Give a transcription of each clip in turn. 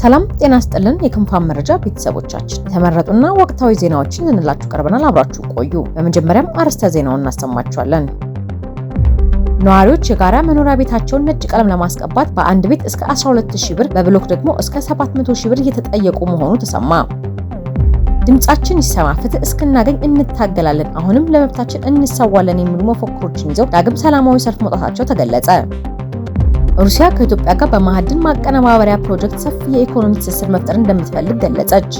ሰላም ጤና ስጥልን። የክንፋን መረጃ ቤተሰቦቻችን የተመረጡና ወቅታዊ ዜናዎችን ልንላችሁ ቀርበናል። አብራችሁ ቆዩ። በመጀመሪያም አርዕስተ ዜናውን እናሰማችኋለን። ነዋሪዎች የጋራ መኖሪያ ቤታቸውን ነጭ ቀለም ለማስቀባት በአንድ ቤት እስከ 120 ብር በብሎክ ደግሞ እስከ 700 ሺህ ብር እየተጠየቁ መሆኑ ተሰማ። ድምጻችን ይሰማ፣ ፍትህ እስክናገኝ እንታገላለን፣ አሁንም ለመብታችን እንሰዋለን የሚሉ መፈክሮችን ይዘው ዳግም ሰላማዊ ሰልፍ መውጣታቸው ተገለጸ። ሩሲያ ከኢትዮጵያ ጋር በማዕድን ማቀነባበሪያ ፕሮጀክት ሰፊ የኢኮኖሚ ትስስር መፍጠር እንደምትፈልግ ገለጸች።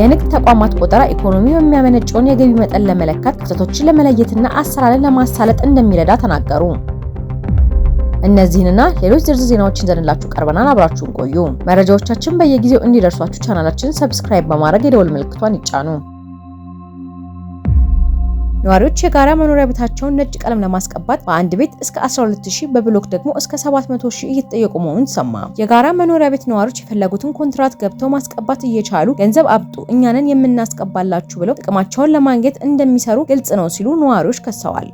የንግድ ተቋማት ቆጠራ ኢኮኖሚ የሚያመነጨውን የገቢ መጠን ለመለካት ክፍተቶችን ለመለየትና አሰራርን ለማሳለጥ እንደሚረዳ ተናገሩ። እነዚህንና ሌሎች ዝርዝር ዜናዎችን ዘንላችሁ ቀርበናል። አብራችሁን ቆዩ። መረጃዎቻችን በየጊዜው እንዲደርሷችሁ ቻናላችንን ሰብስክራይብ በማድረግ የደወል ምልክቷን ይጫኑ። ነዋሪዎች የጋራ መኖሪያ ቤታቸውን ነጭ ቀለም ለማስቀባት በአንድ ቤት እስከ 12000 በብሎክ ደግሞ እስከ 700000 እየተጠየቁ መሆኑን ሰማ። የጋራ መኖሪያ ቤት ነዋሪዎች የፈለጉትን ኮንትራት ገብተው ማስቀባት እየቻሉ ገንዘብ አብጡ እኛንን የምናስቀባላችሁ ብለው ጥቅማቸውን ለማግኘት እንደሚሰሩ ግልጽ ነው ሲሉ ነዋሪዎች ከሰዋል።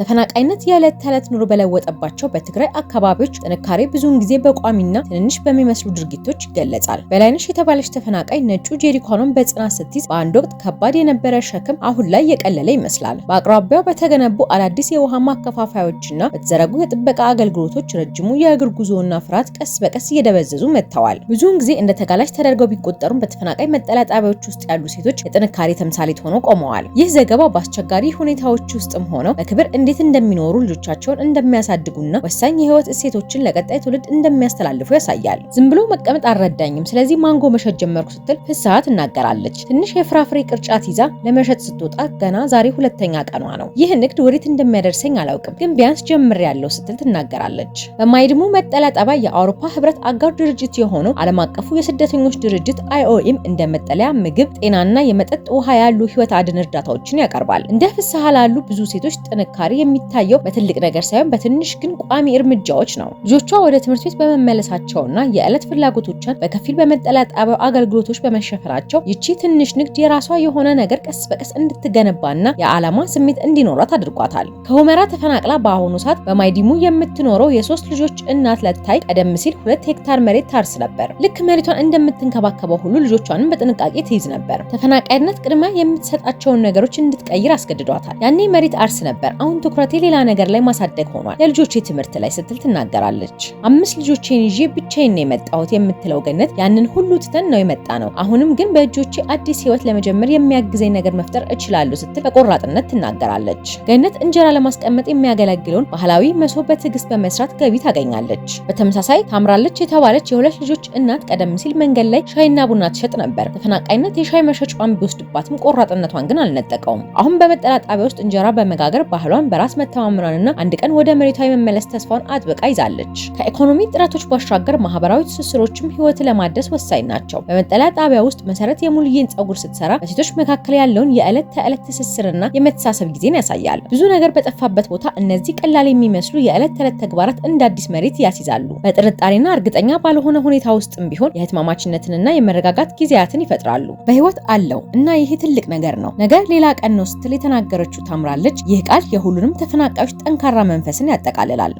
ተፈናቃይነት የዕለት ተዕለት ኑሮ በለወጠባቸው በትግራይ አካባቢዎች ጥንካሬ ብዙውን ጊዜ በቋሚና ትንንሽ በሚመስሉ ድርጊቶች ይገለጻል። በላይነሽ የተባለች ተፈናቃይ ነጩ ጄሪኮኖን በጽናት ስትይዝ በአንድ ወቅት ከባድ የነበረ ሸክም አሁን ላይ የቀለለ ይመስላል። በአቅራቢያው በተገነቡ አዳዲስ የውሃ ማከፋፋዮችና በተዘረጉ የጥበቃ አገልግሎቶች ረጅሙ የእግር ጉዞና ፍርሃት ቀስ በቀስ እየደበዘዙ መጥተዋል። ብዙውን ጊዜ እንደ ተጋላጭ ተደርገው ቢቆጠሩም በተፈናቃይ መጠለያ ጣቢያዎች ውስጥ ያሉ ሴቶች የጥንካሬ ተምሳሌት ሆነው ቆመዋል። ይህ ዘገባ በአስቸጋሪ ሁኔታዎች ውስጥም ሆነው በክብር እን እንዴት እንደሚኖሩ ልጆቻቸውን እንደሚያሳድጉና ወሳኝ የህይወት እሴቶችን ለቀጣይ ትውልድ እንደሚያስተላልፉ ያሳያል። ዝም ብሎ መቀመጥ አልረዳኝም፣ ስለዚህ ማንጎ መሸጥ ጀመርኩ ስትል ፍስሐ ትናገራለች። ትንሽ የፍራፍሬ ቅርጫት ይዛ ለመሸጥ ስትወጣ ገና ዛሬ ሁለተኛ ቀኗ ነው። ይህ ንግድ ወዴት እንደሚያደርሰኝ አላውቅም፣ ግን ቢያንስ ጀምር ያለው ስትል ትናገራለች። በማይድሙ መጠለያ ጣቢያ የአውሮፓ ህብረት አጋር ድርጅት የሆነው ዓለም አቀፉ የስደተኞች ድርጅት አይኦኤም እንደ መጠለያ ምግብ፣ ጤናና የመጠጥ ውሃ ያሉ ህይወት አድን እርዳታዎችን ያቀርባል። እንደ ፍስሀ ላሉ ብዙ ሴቶች ጥንካሬ ዛሬ የሚታየው በትልቅ ነገር ሳይሆን በትንሽ ግን ቋሚ እርምጃዎች ነው። ልጆቿ ወደ ትምህርት ቤት በመመለሳቸውና የዕለት ፍላጎቶቿን በከፊል በመጠላጠበው አገልግሎቶች በመሸፈናቸው ይቺ ትንሽ ንግድ የራሷ የሆነ ነገር ቀስ በቀስ እንድትገነባና የዓላማ ስሜት እንዲኖራት አድርጓታል። ከሁመራ ተፈናቅላ በአሁኑ ሰዓት በማይዲሙ የምትኖረው የሶስት ልጆች እናት ለታይ ቀደም ሲል ሁለት ሄክታር መሬት ታርስ ነበር። ልክ መሬቷን እንደምትንከባከበው ሁሉ ልጆቿንም በጥንቃቄ ትይዝ ነበር። ተፈናቃይነት ቅድሚያ የምትሰጣቸውን ነገሮች እንድትቀይር አስገድዷታል። ያኔ መሬት አርስ ነበር፣ አሁን አሁን ትኩረቴ ሌላ ነገር ላይ ማሳደግ ሆኗል፣ የልጆቼ ትምህርት ላይ ስትል ትናገራለች። አምስት ልጆቼን ይዤ ብቻዬን ነው የመጣሁት የምትለው ገነት ያንን ሁሉ ትተን ነው የመጣ ነው። አሁንም ግን በእጆቼ አዲስ ህይወት ለመጀመር የሚያግዘኝ ነገር መፍጠር እችላለሁ ስትል በቆራጥነት ትናገራለች። ገነት እንጀራ ለማስቀመጥ የሚያገለግለውን ባህላዊ መሶብ በትዕግስት በመስራት ገቢ ታገኛለች። በተመሳሳይ ታምራለች የተባለች የሁለት ልጆች እናት ቀደም ሲል መንገድ ላይ ሻይና ቡና ትሸጥ ነበር። ተፈናቃይነት የሻይ መሸጫን ቢወስድባትም ቆራጥነቷን ግን አልነጠቀውም። አሁን በመጠላ ጣቢያ ውስጥ እንጀራ በመጋገር ባህሏን በራስ መተማመኗንና አንድ ቀን ወደ መሬቷ የመመለስ ተስፋውን አጥብቃ ይዛለች። ከኢኮኖሚ ጥረቶች ባሻገር ማህበራዊ ትስስሮችም ህይወት ለማደስ ወሳኝ ናቸው። በመጠለያ ጣቢያ ውስጥ መሰረት የሙልዬን ጸጉር ስትሰራ በሴቶች መካከል ያለውን የዕለት ተዕለት ትስስርና የመተሳሰብ ጊዜን ያሳያል። ብዙ ነገር በጠፋበት ቦታ እነዚህ ቀላል የሚመስሉ የዕለት ተዕለት ተግባራት እንደ አዲስ መሬት ያስይዛሉ። በጥርጣሬና እርግጠኛ ባልሆነ ሁኔታ ውስጥም ቢሆን የህትማማችነትንና የመረጋጋት ጊዜያትን ይፈጥራሉ። በህይወት አለው እና ይሄ ትልቅ ነገር ነው። ነገ ሌላ ቀን ነው ስትል የተናገረችው ታምራለች። ይህ ቃል የሁሉ ሁሉንም ተፈናቃዮች ጠንካራ መንፈስን ያጠቃልላል።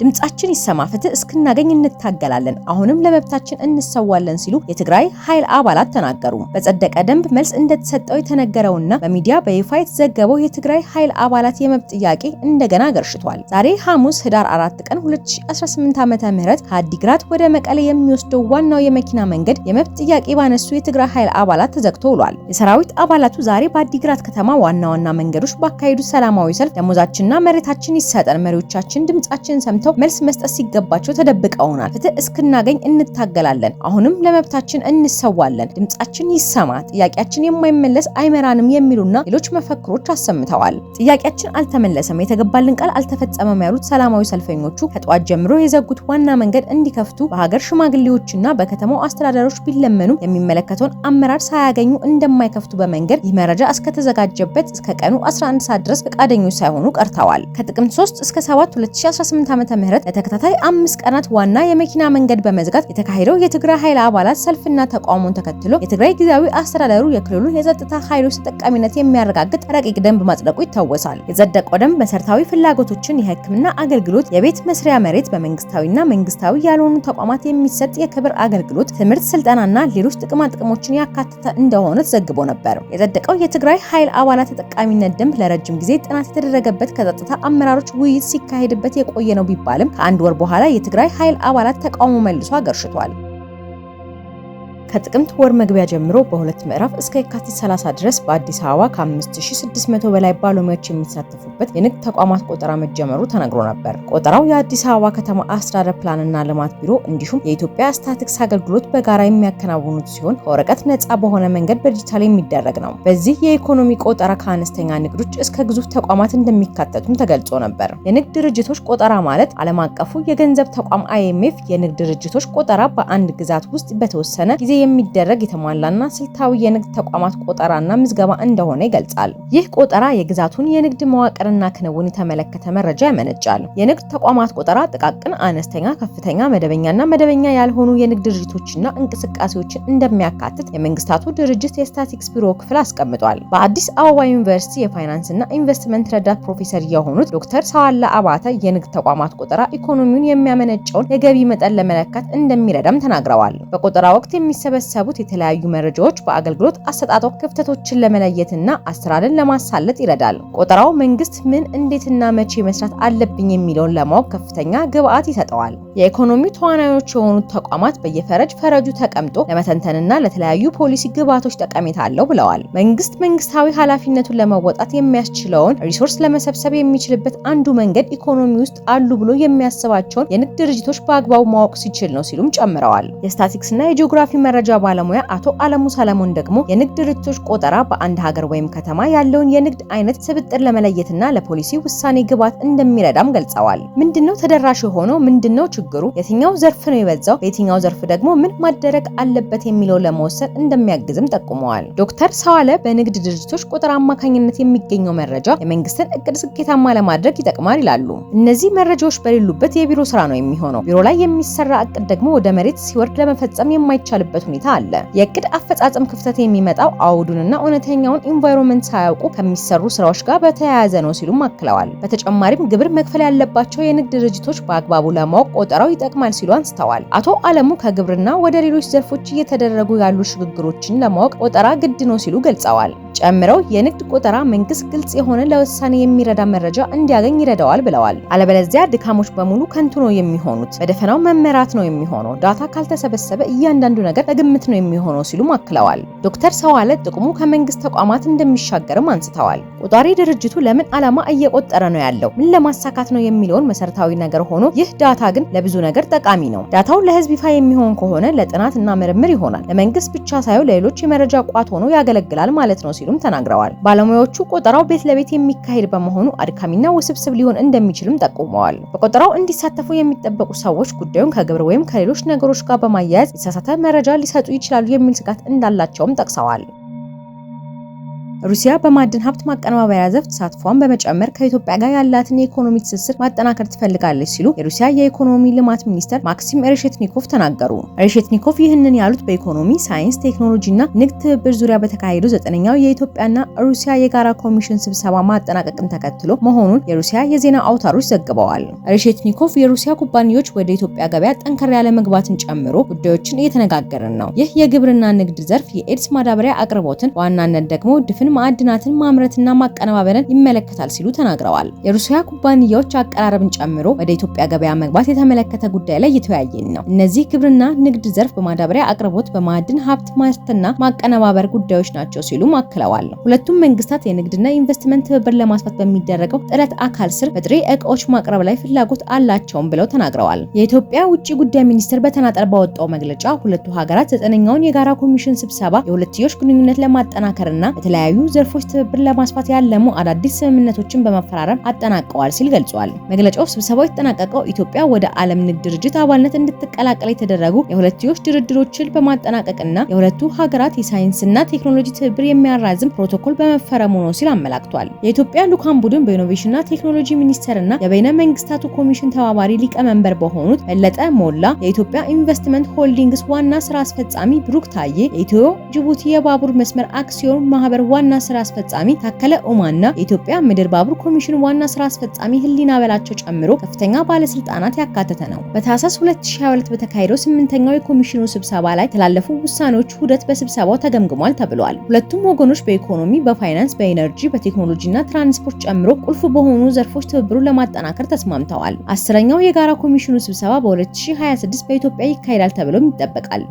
ድምጻችን ይሰማ፣ ፍትህ እስክናገኝ እንታገላለን፣ አሁንም ለመብታችን እንሰዋለን ሲሉ የትግራይ ኃይል አባላት ተናገሩ። በጸደቀ ደንብ መልስ እንደተሰጠው የተነገረውና በሚዲያ በይፋ የተዘገበው የትግራይ ኃይል አባላት የመብት ጥያቄ እንደገና ገርሽቷል። ዛሬ ሐሙስ ህዳር 4 ቀን 2018 ዓ.ም ምህረት ከአዲግራት ወደ መቀለ የሚወስደው ዋናው የመኪና መንገድ የመብት ጥያቄ ባነሱ የትግራይ ኃይል አባላት ተዘግቶ ውሏል። የሰራዊት አባላቱ ዛሬ በአዲግራት ከተማ ዋና ዋና መንገዶች ባካሄዱት ሰላማዊ ሰልፍ ደሞዛችንና መሬታችን ይሰጠን፣ መሪዎቻችን ድምጻችን ሰምተው ገብተው መልስ መስጠት ሲገባቸው ተደብቀውናል። ፍትህ እስክናገኝ እንታገላለን። አሁንም ለመብታችን እንሰዋለን። ድምጻችን ይሰማ፣ ጥያቄያችን የማይመለስ አይመራንም የሚሉና ሌሎች መፈክሮች አሰምተዋል። ጥያቄያችን አልተመለሰም፣ የተገባልን ቃል አልተፈጸመም ያሉት ሰላማዊ ሰልፈኞቹ ከጠዋት ጀምሮ የዘጉት ዋና መንገድ እንዲከፍቱ በሀገር ሽማግሌዎችና በከተማው አስተዳደሮች ቢለመኑም የሚመለከተውን አመራር ሳያገኙ እንደማይከፍቱ በመንገድ ይህ መረጃ እስከተዘጋጀበት እስከ ቀኑ 11 ሰዓት ድረስ ፈቃደኞች ሳይሆኑ ቀርተዋል። ከጥቅምት 3 እስከ 7 2018 ዓ ለተከታታይ አምስት ቀናት ዋና የመኪና መንገድ በመዝጋት የተካሄደው የትግራይ ኃይል አባላት ሰልፍና ተቃውሞን ተከትሎ የትግራይ ጊዜያዊ አስተዳደሩ የክልሉን የጸጥታ ኃይሎች ተጠቃሚነት የሚያረጋግጥ ረቂቅ ደንብ ማጽደቁ ይታወሳል። የጸደቀው ደንብ መሰረታዊ ፍላጎቶችን፣ የህክምና አገልግሎት፣ የቤት መስሪያ መሬት፣ በመንግስታዊና መንግስታዊ ያልሆኑ ተቋማት የሚሰጥ የክብር አገልግሎት፣ ትምህርት፣ ስልጠናና ሌሎች ጥቅማ ጥቅሞችን ያካተተ እንደሆነ ተዘግቦ ነበር። የጸደቀው የትግራይ ኃይል አባላት ተጠቃሚነት ደንብ ለረጅም ጊዜ ጥናት የተደረገበት ከጸጥታ አመራሮች ውይይት ሲካሄድበት የቆየ ነው ቢባል ቢባልም ከአንድ ወር በኋላ የትግራይ ኃይል አባላት ተቃውሞ መልሶ አገርሽቷል። ከጥቅምት ወር መግቢያ ጀምሮ በሁለት ምዕራፍ እስከ የካቲት 30 ድረስ በአዲስ አበባ ከ5600 በላይ ባለሙያዎች የሚሳተፉበት የንግድ ተቋማት ቆጠራ መጀመሩ ተነግሮ ነበር። ቆጠራው የአዲስ አበባ ከተማ አስተዳደር ፕላንና ልማት ቢሮ እንዲሁም የኢትዮጵያ ስታቲክስ አገልግሎት በጋራ የሚያከናውኑት ሲሆን ከወረቀት ነፃ በሆነ መንገድ በዲጂታል የሚደረግ ነው። በዚህ የኢኮኖሚ ቆጠራ ከአነስተኛ ንግዶች እስከ ግዙፍ ተቋማት እንደሚካተቱም ተገልጾ ነበር። የንግድ ድርጅቶች ቆጠራ ማለት ዓለም አቀፉ የገንዘብ ተቋም አይኤምኤፍ የንግድ ድርጅቶች ቆጠራ በአንድ ግዛት ውስጥ በተወሰነ ጊዜ የሚደረግ የተሟላና ስልታዊ የንግድ ተቋማት ቆጠራና ምዝገባ እንደሆነ ይገልጻል። ይህ ቆጠራ የግዛቱን የንግድ መዋቅርና ክንውን የተመለከተ መረጃ ያመነጫል። የንግድ ተቋማት ቆጠራ ጥቃቅን፣ አነስተኛ፣ ከፍተኛ፣ መደበኛና መደበኛ ያልሆኑ የንግድ ድርጅቶችና እንቅስቃሴዎችን እንደሚያካትት የመንግስታቱ ድርጅት የስታቲክስ ቢሮ ክፍል አስቀምጧል። በአዲስ አበባ ዩኒቨርሲቲ የፋይናንስና ኢንቨስትመንት ረዳት ፕሮፌሰር የሆኑት ዶክተር ሰዋላ አባተ የንግድ ተቋማት ቆጠራ ኢኮኖሚውን የሚያመነጨውን የገቢ መጠን ለመለካት እንደሚረዳም ተናግረዋል። በቆጠራ ወቅት የሚሰ የተሰበሰቡት የተለያዩ መረጃዎች በአገልግሎት አሰጣጦ ክፍተቶችን ለመለየትና አሰራርን ለማሳለጥ ይረዳል። ቆጠራው መንግስት ምን እንዴትና መቼ መስራት አለብኝ የሚለውን ለማወቅ ከፍተኛ ግብአት ይሰጠዋል። የኢኮኖሚ ተዋናዮች የሆኑት ተቋማት በየፈረጅ ፈረጁ ተቀምጦ ለመተንተንና ለተለያዩ ፖሊሲ ግብአቶች ጠቀሜታ አለው ብለዋል። መንግስት መንግስታዊ ኃላፊነቱን ለመወጣት የሚያስችለውን ሪሶርስ ለመሰብሰብ የሚችልበት አንዱ መንገድ ኢኮኖሚ ውስጥ አሉ ብሎ የሚያስባቸውን የንግድ ድርጅቶች በአግባቡ ማወቅ ሲችል ነው ሲሉም ጨምረዋል። የስታቲክስና የጂኦግራፊ መረጃ ባለሙያ አቶ አለሙ ሰለሞን ደግሞ የንግድ ድርጅቶች ቆጠራ በአንድ ሀገር ወይም ከተማ ያለውን የንግድ አይነት ስብጥር ለመለየትና ለፖሊሲ ውሳኔ ግብዓት እንደሚረዳም ገልጸዋል። ምንድነው ተደራሽ የሆነው? ምንድነው ችግሩ? የትኛው ዘርፍ ነው የበዛው? በየትኛው ዘርፍ ደግሞ ምን ማደረግ አለበት የሚለው ለመወሰን እንደሚያግዝም ጠቁመዋል። ዶክተር ሰዋለ በንግድ ድርጅቶች ቆጠራ አማካኝነት የሚገኘው መረጃ የመንግስትን እቅድ ስኬታማ ለማድረግ ይጠቅማል ይላሉ። እነዚህ መረጃዎች በሌሉበት የቢሮ ስራ ነው የሚሆነው። ቢሮ ላይ የሚሰራ እቅድ ደግሞ ወደ መሬት ሲወርድ ለመፈጸም የማይቻልበት ሁኔታ አለ። የእቅድ አፈጻጸም ክፍተት የሚመጣው አውዱንና እውነተኛውን ኢንቫይሮንመንት ሳያውቁ ከሚሰሩ ስራዎች ጋር በተያያዘ ነው ሲሉም አክለዋል። በተጨማሪም ግብር መክፈል ያለባቸው የንግድ ድርጅቶች በአግባቡ ለማወቅ ቆጠራው ይጠቅማል ሲሉ አንስተዋል። አቶ አለሙ ከግብርና ወደ ሌሎች ዘርፎች እየተደረጉ ያሉ ሽግግሮችን ለማወቅ ቆጠራ ግድ ነው ሲሉ ገልጸዋል። ጨምረው የንግድ ቆጠራ መንግስት ግልጽ የሆነ ለውሳኔ የሚረዳ መረጃ እንዲያገኝ ይረዳዋል ብለዋል። አለበለዚያ ድካሞች በሙሉ ከንቱ ነው የሚሆኑት፣ በደፈናው መመራት ነው የሚሆነው። ዳታ ካልተሰበሰበ እያንዳንዱ ነገር ግምት ነው የሚሆነው ሲሉም አክለዋል። ዶክተር ሰዋለ ጥቅሙ ከመንግስት ተቋማት እንደሚሻገርም አንስተዋል። ቆጣሪ ድርጅቱ ለምን ዓላማ እየቆጠረ ነው ያለው ምን ለማሳካት ነው የሚለውን መሰረታዊ ነገር ሆኖ ይህ ዳታ ግን ለብዙ ነገር ጠቃሚ ነው። ዳታው ለህዝብ ይፋ የሚሆን ከሆነ ለጥናትና ምርምር ይሆናል። ለመንግስት ብቻ ሳይሆን ለሌሎች የመረጃ ቋት ሆኖ ያገለግላል ማለት ነው ሲሉም ተናግረዋል። ባለሙያዎቹ ቆጠራው ቤት ለቤት የሚካሄድ በመሆኑ አድካሚና ውስብስብ ሊሆን እንደሚችልም ጠቁመዋል። በቆጠራው እንዲሳተፉ የሚጠበቁ ሰዎች ጉዳዩን ከግብር ወይም ከሌሎች ነገሮች ጋር በማያያዝ የተሳሳተ መረጃ ሊሰጡ ይችላሉ የሚል ስጋት እንዳላቸውም ጠቅሰዋል። ሩሲያ በማዕድን ሀብት ማቀነባበሪያ ዘርፍ ተሳትፏን በመጨመር ከኢትዮጵያ ጋር ያላትን የኢኮኖሚ ትስስር ማጠናከር ትፈልጋለች ሲሉ የሩሲያ የኢኮኖሚ ልማት ሚኒስትር ማክሲም ሬሼትኒኮቭ ተናገሩ። ሬሼትኒኮቭ ይህንን ያሉት በኢኮኖሚ ሳይንስ፣ ቴክኖሎጂና ንግድ ትብብር ዙሪያ በተካሄደው ዘጠነኛው የኢትዮጵያና ሩሲያ የጋራ ኮሚሽን ስብሰባ ማጠናቀቅን ተከትሎ መሆኑን የሩሲያ የዜና አውታሮች ዘግበዋል። ሬሼትኒኮቭ የሩሲያ ኩባንያዎች ወደ ኢትዮጵያ ገበያ ጠንከር ያለ መግባትን ጨምሮ ጉዳዮችን እየተነጋገርን ነው። ይህ የግብርና ንግድ ዘርፍ የኤድስ ማዳበሪያ አቅርቦትን በዋናነት ደግሞ ድፍን ማዕድናትን ማምረትና ማቀነባበርን ይመለከታል ሲሉ ተናግረዋል። የሩሲያ ኩባንያዎች አቀራረብን ጨምሮ ወደ ኢትዮጵያ ገበያ መግባት የተመለከተ ጉዳይ ላይ እየተወያየን ነው። እነዚህ ግብርና፣ ንግድ ዘርፍ፣ በማዳበሪያ አቅርቦት፣ በማዕድን ሀብት ማርትና ማቀነባበር ጉዳዮች ናቸው ሲሉ አክለዋል። ሁለቱም መንግስታት የንግድና ኢንቨስትመንት ትብብር ለማስፋት በሚደረገው ጥረት አካል ስር በጥሬ እቃዎች ማቅረብ ላይ ፍላጎት አላቸውም ብለው ተናግረዋል። የኢትዮጵያ ውጭ ጉዳይ ሚኒስቴር በተናጠል ባወጣው መግለጫ ሁለቱ ሀገራት ዘጠነኛውን የጋራ ኮሚሽን ስብሰባ የሁለትዮሽ ግንኙነት ለማጠናከርና በተለያዩ በተለያዩ ዘርፎች ትብብር ለማስፋት ያለሙ አዳዲስ ስምምነቶችን በመፈራረም አጠናቀዋል ሲል ገልጿል። መግለጫው ስብሰባው የተጠናቀቀው ኢትዮጵያ ወደ ዓለም ንግድ ድርጅት አባልነት እንድትቀላቀል የተደረጉ የሁለትዮሽ ድርድሮችን በማጠናቀቅና የሁለቱ ሀገራት የሳይንስና ቴክኖሎጂ ትብብር የሚያራዝም ፕሮቶኮል በመፈረሙ ነው ሲል አመላክቷል። የኢትዮጵያ ልዑካን ቡድን በኢኖቬሽንና ቴክኖሎጂ ሚኒስቴርና የበይነ መንግስታቱ ኮሚሽን ተባባሪ ሊቀመንበር በሆኑት በለጠ ሞላ፣ የኢትዮጵያ ኢንቨስትመንት ሆልዲንግስ ዋና ስራ አስፈጻሚ ብሩክ ታዬ፣ የኢትዮ ጅቡቲ የባቡር መስመር አክሲዮን ማህበር ዋና ዋና ስራ አስፈጻሚ ታከለ ኡማና የኢትዮጵያ ምድር ባቡር ኮሚሽን ዋና ስራ አስፈጻሚ ህሊና በላቸው ጨምሮ ከፍተኛ ባለስልጣናት ያካተተ ነው። በታህሳስ 2022 በተካሄደው ስምንተኛው የኮሚሽኑ ስብሰባ ላይ የተላለፉ ውሳኔዎች ውህደት በስብሰባው ተገምግሟል ተብሏል። ሁለቱም ወገኖች በኢኮኖሚ፣ በፋይናንስ፣ በኢነርጂ፣ በቴክኖሎጂና ትራንስፖርት ጨምሮ ቁልፍ በሆኑ ዘርፎች ትብብሩን ለማጠናከር ተስማምተዋል። አስረኛው የጋራ ኮሚሽኑ ስብሰባ በ2026 በኢትዮጵያ ይካሄዳል ተብሎም ይጠበቃል።